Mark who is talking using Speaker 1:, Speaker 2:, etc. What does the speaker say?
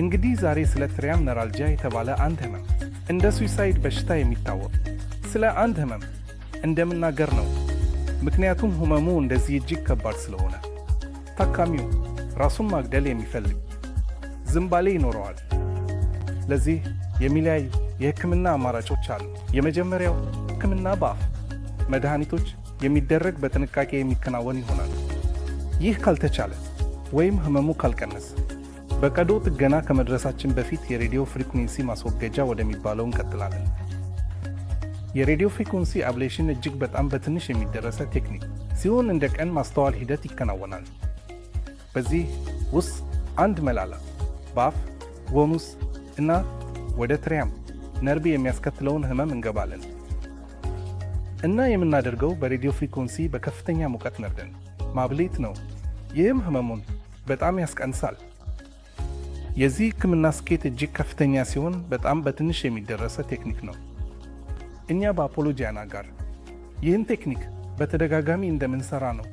Speaker 1: እንግዲህ ዛሬ ስለ ትሪያም ነራልጃ የተባለ አንድ ህመም እንደ ሱዊሳይድ በሽታ የሚታወቅ ስለ አንድ ህመም እንደምናገር ነው። ምክንያቱም ህመሙ እንደዚህ እጅግ ከባድ ስለሆነ ታካሚው ራሱን ማግደል የሚፈልግ ዝንባሌ ይኖረዋል። ለዚህ የሚለያዩ የህክምና አማራጮች አሉ። የመጀመሪያው ህክምና በአፍ መድኃኒቶች የሚደረግ በጥንቃቄ የሚከናወን ይሆናል። ይህ ካልተቻለ ወይም ህመሙ ካልቀነሰ በቀዶ ጥገና ከመድረሳችን በፊት የሬዲዮ ፍሪኩንሲ ማስወገጃ ወደሚባለው እንቀጥላለን። የሬዲዮ ፍሪኩንሲ አብሌሽን እጅግ በጣም በትንሽ የሚደረሰ ቴክኒክ ሲሆን እንደ ቀን ማስተዋል ሂደት ይከናወናል። በዚህ ውስጥ አንድ መላላ በአፍ ጎኑስ እና ወደ ትሪያም ነርቭ የሚያስከትለውን ህመም እንገባለን እና የምናደርገው በሬዲዮ ፍሪኩንሲ በከፍተኛ ሙቀት ነርደን ማብሌት ነው። ይህም ህመሙን በጣም ያስቀንሳል። የዚህ ህክምና ስኬት እጅግ ከፍተኛ ሲሆን በጣም በትንሽ የሚደረሰ ቴክኒክ ነው። እኛ በአፖሎጂያና ጋር ይህን ቴክኒክ በተደጋጋሚ እንደምንሰራ ነው